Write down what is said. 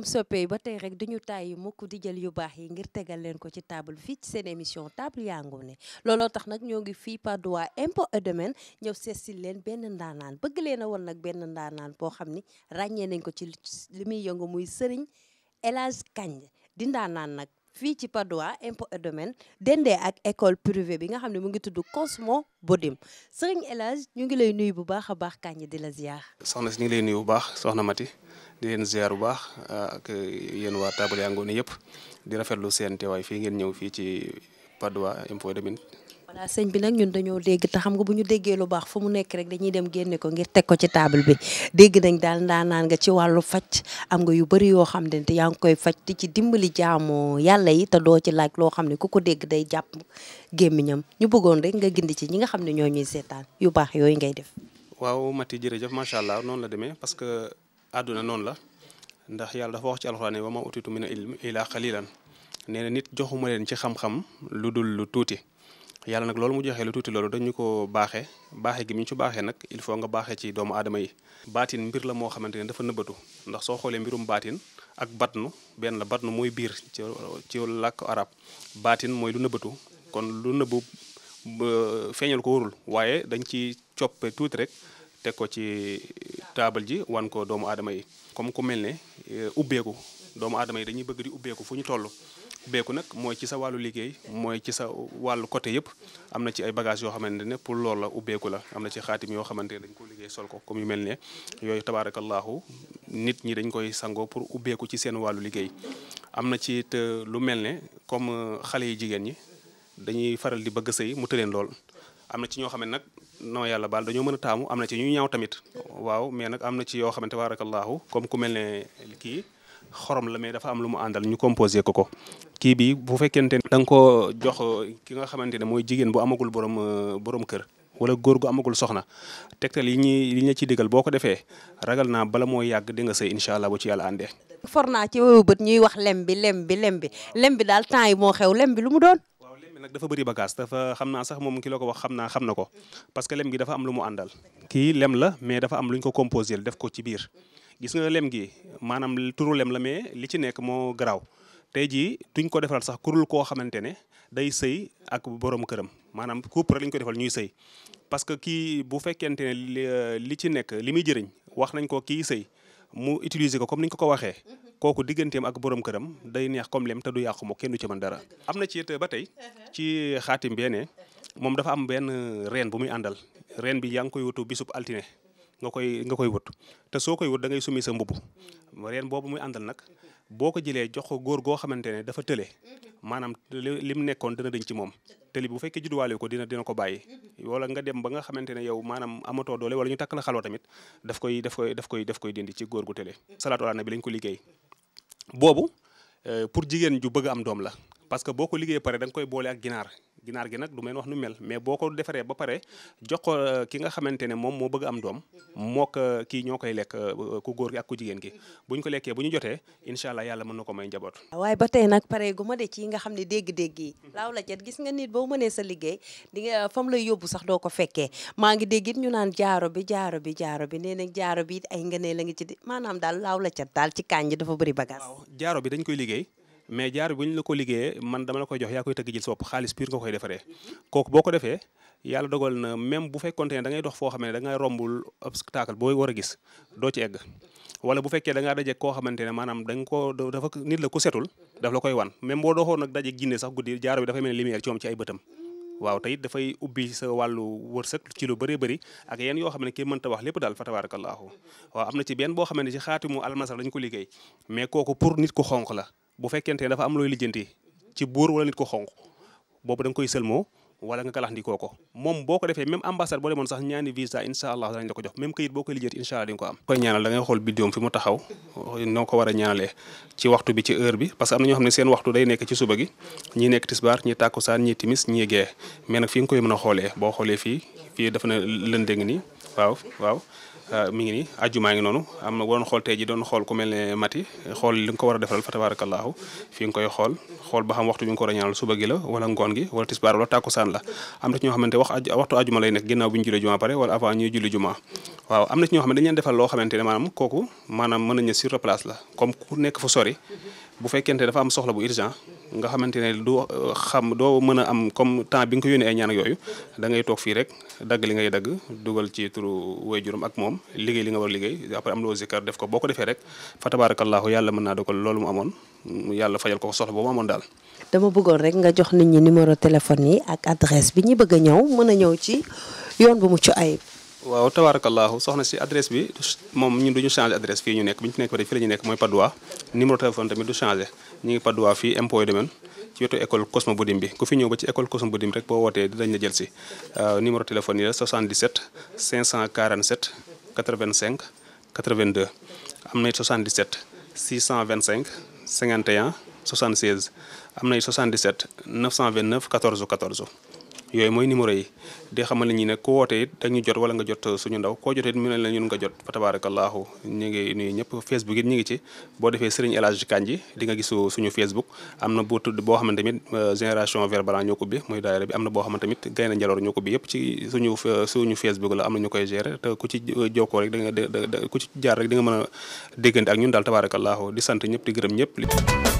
asalaamaaleykum soppe ba tey rek duñu tàyyi mukk di jël yu baax yi ngir tegal leen ko ci table fii ci seen émission table yaa ngoone looloo tax nag ñoo ngi fii par droit impôt et domaine ñëw seet si leen benn ndaanaan bëgg leen a woon nag benn ndaanaan boo xam ni ràññee nañ ko ci li muy yëngu muy sëriñ El Hadj Kandji di ndaanaan nag Fiji Padua Padoa impo domaine dende ak école privée bi nga xam ne Cosmo Bodim. Sering Elhaj ñu ngi lay nuyu bu baax a baax kàññi di la ziar. soxna si ñu ngi lay nuyu bu baax soxna Mati di leen ziar bu baax euh, ak yéen waa table yàngoon yëpp di rafetlu seen teewaay fii ngeen voilà sëñ bi nag ñun dañoo dégg te xam nga bu ñu déggee lu baax fu mu nekk rek dañuy dem génne ko ngir teg ko ci table bi dégg nañ daal ndaanaan nga ci wàllu faj am nga yu bëri yoo xam ne te yaa ngi koy faj te ci dimbali jaamu yàlla yi te doo ci laaj loo xam ne ku ko dégg day jàpp gémmiñam ñu bëggoon rek nga gindi ci ñi nga xam ne ñoo ñuy seetaan yu baax yooyu ngay def. waaw Mati jërëjëf macha allah noonu la demee parce que adduna noonu la ndax yàlla dafa wax ci alxuraan wa ma utitu mina ilmi illa qalilan nee na nit joxuma leen ci xam-xam lu dul lu tuuti yàlla nag loolu mu joxee lu tuuti loolu dañu ko baaxe baaxe gi mu ñu ci baaxee nag il faut nga baaxee ci doomu aadama yi baatin mbir la moo xamante ne dafa nëbbatu ndax soo xoolee mbirum baatin ak batnu benn la batnu mooy biir ci ci làkk arab baatin mooy lu nëbbatu kon lu nëbbu feeñal ko warul waaye dañ ci coppe tuuti rek teg ko ci taabal ji wan ko doomu aadama yi comme ku mel ne eh, ubbeeku doomu aadama yi dañuy bëgg di ubbeeku fu ñu toll ubbeeku nag mooy ci sa wàllu liggéey mooy ci sa wàllu côté yëpp am na ci ay bagages yoo xamante ne pour loolu la ubbeeku la am na ci xaatim yoo xamante ne dañ ko liggéey sol ko comme yu mel ne yooyu tabaarakallaahu nit ñi dañ koy sangoo pour ubbeeku ci seen wàllu liggéey am na ci it lu mel ne comme euh, xale yi jigéen ñi dañuy faral di bëgg sëy mu tëleen lool am na ci ñoo xam ne nag non yàlla baal dañoo mën a taamu am na ci ñuy ñaaw tamit waaw mais nag am na ci yoo xam ne tabaarakallaahu comme ku mel ne kii xorom la mais dafa am lu mu àndal ñu composé ko ko kii bi bu fekkente ne da nga koo jox uh, ki nga xamante ne mooy jigéen bu amagul borom uh, boroom kër wala góor gu amagul soxna tegtal yi ñuy yi ñu ci digal boo ko defee ragal naa bala mooy yàgg di nga sëy incha allah bu ci yàlla ande for naa ci wéwu bët ñuy wax lem bi lem bi lem bi lem bi daal temps yi moo xew lem bi lu mu doon. waaw lem nag dafa bëri bagage dafa xam naa sax moom ki la ko wax xam naa xam na ko parce que lem gi dafa am lu mu àndal. ki lem la mais dafa am lu ñu ko composé def ko ci biir gis nga lem gi maanaam turu lem la mais li ci nekk moo garaaw tey jii duñ ko defal sax kurul koo xamante ne day sëy ak borom këram maanaam couple rek lañ ko defal ñuy sëy parce que kii bu fekkente ne euh, li ci nekk li muy jëriñ wax nañ ko kii sëy mu utiliser ko comme niñ ko ko waxee mhm. kooku digganteem ak borom këram day neex comme lem ta du yàqu kenn du ci mën dara. am na ci it ba tey mhm. ci xaatim bee moom dafa am benn reen bu muy àndal reen bi yaa ngi koy wutu bisub altine. nga koy nga koy wut te soo koy wut da ngay summi sa mbubb reen boobu muy àndal nag boo ko jëlee jox ko góor goo xamante ne dafa tële maanaam li mu nekkoon dana dañ ci moom tëli bu fekkee judduwaale ko dina dina ko bàyyi wala nga dem ba nga xamante ne yow maanaam amatoo doole wala ñu takk la xaloo tamit daf koy daf koy daf koy daf koy dindi ci góor gu tële salaatu ala bi lañ ko liggéey boobu eh, pour jigéen ju bëgg am doom la parce que boo ko liggéey pare da koy boole ak ginaar ginaar gi nag du meen wax nu mel mais boo ko defaree ba pare jox ko euh, ki nga xamante ne moom moo bëgg am doom mook euh, kii ñoo koy lekk euh, ku góor gi ak ku jigéen gi bu ñu ko lekkee bu ñu jotee incha allah yàlla mën na ko may njaboot. waaye ba tey nag pare gu ma de ci nga xam ne dégg-dégg yi. laaw la cet gis nga nit boo mënee sa liggéey di nga fam lay yóbbu sax doo ko fekkee maa ngi dégg it ñu naan jaaro bi jaaro bi jaaro bi nee jaaro bi it la ngi ci di maanaam daal laaw la cet daal ci kànj dafa bëri bagage. waaw jaaro bi dañ koy liggéey mais jaar bu ñu la ko liggéeyee man dama la koy jox yaa koy tëgg jël xaalis pur nga koy defaree kook boo ko defee yàlla dogal na même bu fekkonte ne dangay dox foo xam ne da ngay rombul obstacle booy war gis doo ci egg wala bu fekkee da daje koo xamante ne maanaam da nga ko dafa nit la ku setul daf la koy wan même boo doxoon nag daje ginne sax guddi jaar bi dafay mel ne lumière ci moom ci ay bëtam waaw te it dafay ubbi sa wàllu wërsëg ci lu bëree bari ak yeen yoo xam ne kii mënta wax lépp daal fa tabarakallahu waaw am na ci benn boo xam ne ci xaatimu ko liggéey mais kooku pour nit ku xonq la bu fekkente ne dafa am looy lijjanti ci buur wala ko xonq boobu da nga koy sëlmoo wala nga galaxndikoo ko moom boo ko defee même ambassade boo demoon sax ñaani visa incha allah danañ la ko jox même kayit boo koy lijjanti incha allah di nga ko am. koy ñaanal da ngay xool ko war a ñaanalee ci waxtu bi ci heure bi parce que am na ñoo xam ne seen waxtu day nekk ci suba gi ñi nekk tisbaar ñi tàkkusaan ñi timis ñi gee mais nag fi nga koy mën a xoolee boo xoolee fii fii dafa ne lëndëng nii waaw waaw Euh, mi ngi nii àjjumaa ngi noonu am na waroon xool tey ji doon xool ku mel ne Mati xool li nga ko war a defal fa tabaarakallaahu fi nga koy xool xool ba xam waxtu bi nga ko war a ñaanal suba gi la wala ngoon gi wala tisbaar wala tàkkusaan la am na ñoo xamante wax a àjjuma lay nekk ginnaaw bi ñu julli juma pare wala avant ñuy julli juma waaw am na ñoo xam ne dañu defal loo xamante ne maanaam kooku maanaam mën nañu sur place la comme ku nekk fu sori bu fekkente dafa am soxla bu urgent nga xamantene du uh, xam do meuna am comme temps bi nga yone ay ñaan ak yoyu da ngay tok fi rek dag li ngay dag dugal ci turu wayjurum ak mom liggey li nga war liggey après am lo zikar def ko boko defé rek fa tabarakallah yalla meuna dako lolu mu amon yalla fayal ko soxla bo mu amon dal dama bëggoon rek nga jox nit ñi numéro téléphone yi ak adresse bi ñi bëgg ñëw meuna ñëw ci yoon bu mu ci ayib waaw tabarakallah soxna si adresse bi mom ñun duñu changer adresse fi ñu nek biñu nekk fi la ñu nekk moy padwa numéro téléphone tamit du changer ñu ngi Padois fii impôt et domaine ci wetu école Cosmo Boudim bi ku fi ñëw ba ci école Cosmo Boudim rek boo wootee dinañ la jël si euh, numéro téléphone yi la 77 547 85 82 am na 77 625 51 76 am na 77 929 14 14. yooyu mooy numéro yi di xamal ne ñi ne ku woote it dañu jot wala nga jot suñu ndaw koo jotee it mu ne la ñun nga jot fa tabaarakallaahu ñu ngi nuyu ñëpp Facebook it ñu ngi ci boo defee Serigne El Hadj Kandji di nga gisu suñu Facebook am na bu tudd boo xam ne tamit euh, génération vert blanc ñoo ko bi muy daayira bi am na boo xam ne tamit gaynde njaloor ñoo ko bi yëpp ci suñu euh, suñu Facebook la am na ñu koy gérer te ku ci euh, jokkoo da nga ku ci jaar rek di nga mën a déggante ak ñun daal tabaarakallaahu di sant ñëpp di gërëm ñëpp